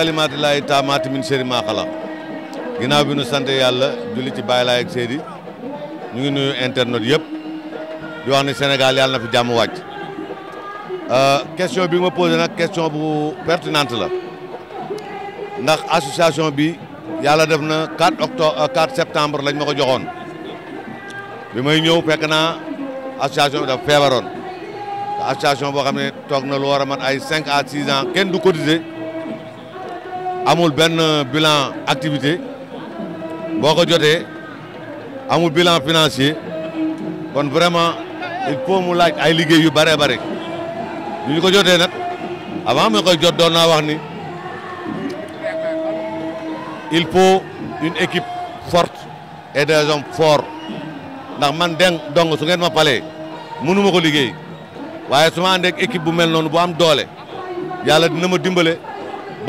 kalimaati laay taamaati min séri maa xala ginnaaw bi nu sant yàlla julli ci bàyyi laay ak séeri ñu ngi nuy internet yëpp di wax ne Sénégal yàlla na fi jàmm wàcc euh, question bi nga ma posé nag question bu pertinente la ndax association bi yàlla def na 4 octobre 4 septembre lañ ma ko joxoon bi may ñëw fekk naa association bi dafa feebaroon association boo xam ne toog na lu war a man ay 5 à 6 ans kenn du cotiser amul ben bilan activité boko joté jotee amul bilan financier kon vraiment il faut mu laaj ay liggéey yu bare bare bu ñu ko joté nak avant ma koy jot do na wax ni il faut une équipe forte et des hommes forts ndax man deng dong su ngeen ma palee mënu mako ko waye suma ande équipe bu mel non bu am doole yalla dina ma dimbalé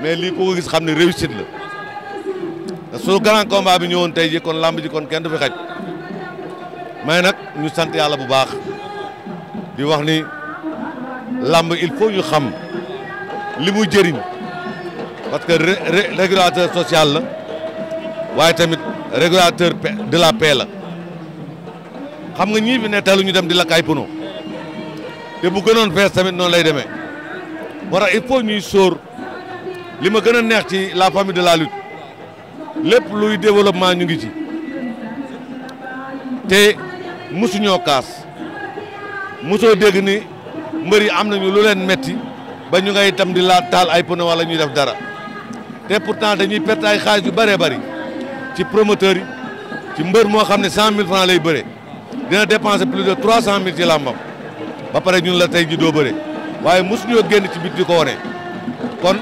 mais lii ku ko gis xam ne réussite la suñu grand combat bi ñëwoon tey ji kon lamb ji kon kenn du fi xaj mais nag ñu sant yàlla bu baax di wax ni làmb il faut ñu xam li muy jëriñ parce que régulateur social la waaye tamit régulateur de la paix la xam nga ñii fi ne telu ñu dem di lakk ay pono te bu gënoon fees tamit noonu lay demee moo tax il faut ñuy sóor li ma gën a neex ci la famille de la lutte lépp luy développement ñu ngi ci te mosuñoo kaas mosoo dégg ni mbër yi am nañu lu leen metti ba ñu ngay tam di laa taal ay pneu wala ñuy def dara te pourtant dañuy perte ay xaalis yu bëree bëri ci promoteurs yi ci mbër moo xam ne cent mille francs lay bëre dina dépenser plus de trois cent mille ci làmbam ba pare ñun la tey ji doo bëre waaye mosuñoo génn ci bit di ko kon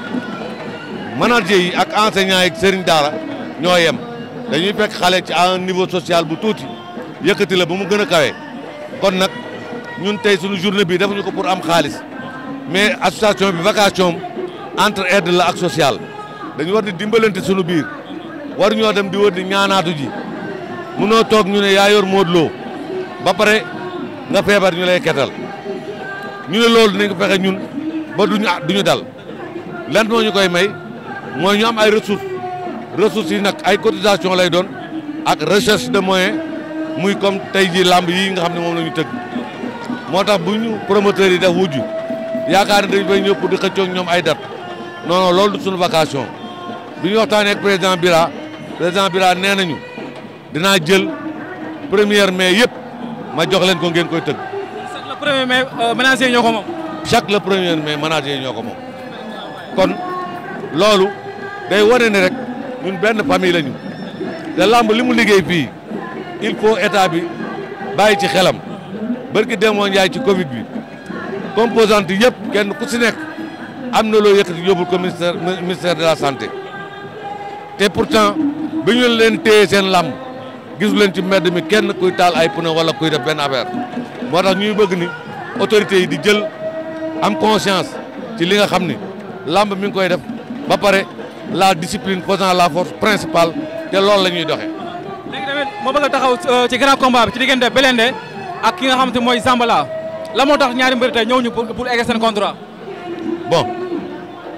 manager yi ak enseignants yi ak sëriñ daara ñoo yem dañuy fekk xale ci à niveau social bu tuuti yëkkati la ba mu gën a kawee kon nag ñun tey suñu journée bi defuñu ko pour am xaalis mais association bi vocation entre aide la ak sociale dañu war di dimbalante suñu biir war ñoo dem di wër di ñaanaatu ji noo toog ñu ne yaa yor móodloo ba pare nga feebar ñu lay ketal ñu ne loolu dinañ ko fexe ñun ba duñu duñu dal lan moo ñu koy may mooy ñu am ay ressources ressources yi nag ay cotisation lay doon ak recherche de moyens muy comme tey jii làmb yii nga xam ne moom la ñu tëgg moo tax bu ñu promoteurs yi def wujj yaakaar ne dañ fay ñëw pour di xëccoog ñoom ay date non non loolu du suñu vacation bi ñu waxtaanee ak président Bira président Bira nee nañu dinaa jël première mais yëpp ma jox leen ko ngeen koy tëgg. chaque le euh, ñoo ko moom. chaque le premier mais manager ñoo ko moom kon loolu. day wane ne rek ñun benn famille lañu làmb li mu liggéey fii il faut état bi bàyyi ci xelam barki demoon ci Covid bi composante yëpp kenn ku si nekk am na loo yëkkati yóbbul ko ministère ministère de la santé te pourtant bi ñu leen téye seen làmb gisu leen ci mbedd mi kenn kuy taal ay pneu wala kuy def benn affaire moo tax ñuy bëgg ni autorités yi di jël am conscience ci li nga xam ni làmb mi ngi koy def bapare la discipline posant la force principale te loolu la ñuy doxee. léegi tamit moo bëgg a taxaw euh, ci grand combat bi ci diggante Belende ak ki nga xamante mooy Zambala la moo tax ñaari mbir tey ñëw ñu pour pour egg contrat. bon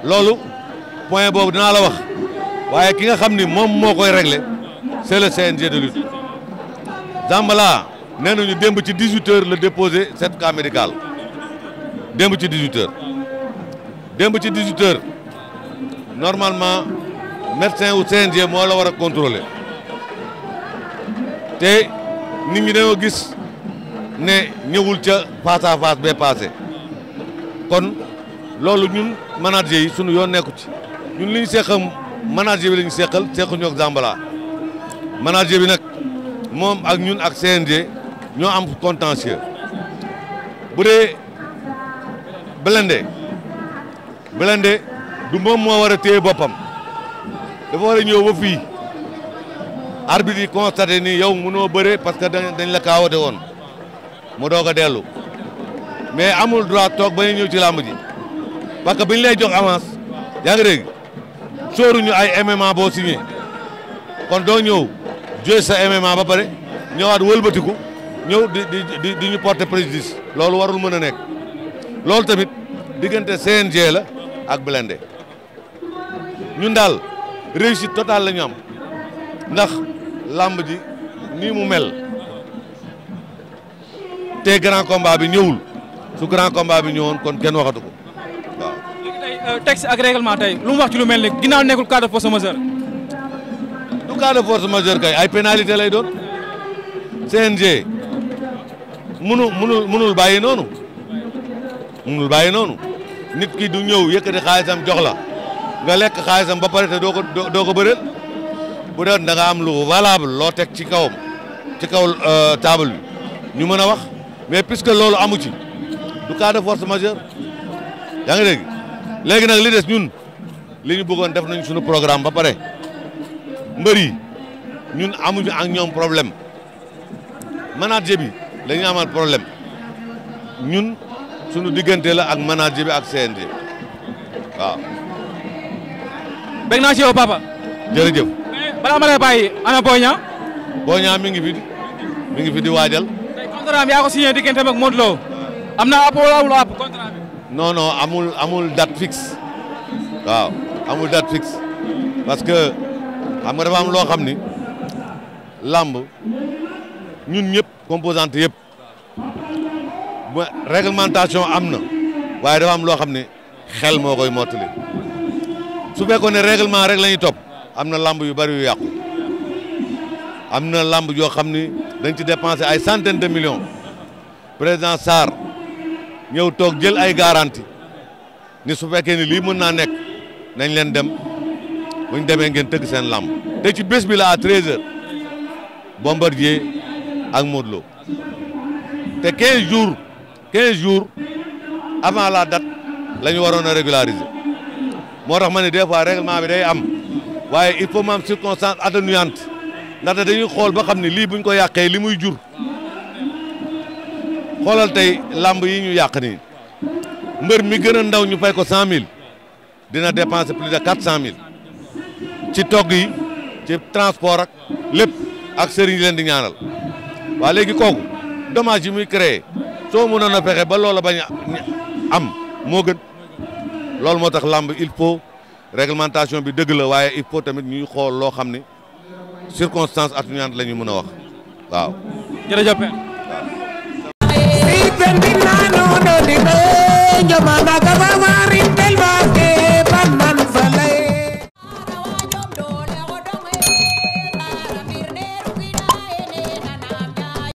loolu point boobu dinaa la wax waaye ki nga xam ni moom moo régler c'est le CNG de lutte Zambala nee nañu démb ci 18h déposer cette certificat médicale. démb ci 18h démb ci 18h. normalement médecin ou CNG moo la war a contrôler te nit ñi dañoo gis ne ñëwul ca face à bee passé kon loolu ñun manager yi sunu yoon nekku ci ñun li ñu seqal manager bi la ñu seqal sequñu ak Zambala manager bi nag moom ak ñun ak CNG ñoo am contentieux bu dee Blindé Blindé du moom moo war a téye boppam dafa war ba fi arbitre yi constaté ni yow mëno bëré parce que dañ la kaawate won mu doga a mais amul droit tok ba ñew ci lamb ji parce que biñ lay jox avance ya nga ngi dégg ñu ay MMA bo signé kon do ñew jouer sa MMA ba pare ñewat wëlbeutiku ñew di di di ñu porter préjudice lolu warul mëna nek lolu tamit digënté CNG la ak blender ñun daal réussite totale la ñu ndax làmb ji nii mu mel te grand combat bi ñëwul su grand combat bi ñëwoon kon kenn waxatu ko waaw. léegi tey euh, tey lu mu wax ci lu mel ni ginaaw nekkul cas de force majeure. du cas de force majeure kay ay pénalité lay doon CNG munu munul munul bàyyi noonu munul bàyyi noonu nit ki du ñëw yëkkati xaalisam jox la. nga lekk xaalisam ba pare te doo ko doo ko bëreel bu doon da nga am lu valable loo teg ci kawam ci kaw euh, taable bi ñu mën a wax mais puisque loolu amu ci du cas de force majeure yaa ngi dégg léegi nag li des ñun li ñu def nañ sunu programme ba pare mbër yi ñu amuñu ak ñoom problème manager bi la ñu problème ñun sunu diggante la ak manager bi ak CNG waaw bég naa ci papa. jërëjëf. balaa ma lay ana Boy Niang. Boy mi ngi fi mi ngi fi di waajal. tey contrat bi yaa ko signé diggante ak Modou Lo. am na app wala amul app contrat bi. amul amul date fixe waaw amul date fixe parce que xam nga dafa am loo xam ni làmb ñun ñëpp composante yëpp réglementation am na waaye dafa am loo xam ne xel moo koy mottali. su fekkoon ne règlement rek la ñuy topp am na lamb yu bari yu yàqu am na lamb yoo xam ni dañ ci dépensé ay centaine de millions président Sarr ñëw toog jël ay garantie ni su fekkee ni lii mën naa nekk nañ leen dem buñ demee ngeen tëgg seen lamb te ci bés bi la à 13h Bombardier ak Modou Lo te 15 jours 15 jours avant la date la ñu waroon a régulariser. moo tax ma des fois règlement bi day am waye il faut mam circonstance atténuante ndax dañu xol ba xamni li buñ ko yàqee li muy jur xolal tay lamb yi ñu yàq ni mbeur mi gëna ndaw ñu fay ko 100000 dina dépenser plus de 400000 ci togg yi ci transport ak lepp ak sëriñ leen di ñaanal wa légui kooku dommage yi muy créer so mëna na fexé ba loolu bañ am mo gën. loolu moo tax làmb il faut réglementation bi dëgg la waaye il faut tamit ñuy xool loo xam ne circonstance atténuante la ñu mën a wax waaw. jërëjëf Père. waaw.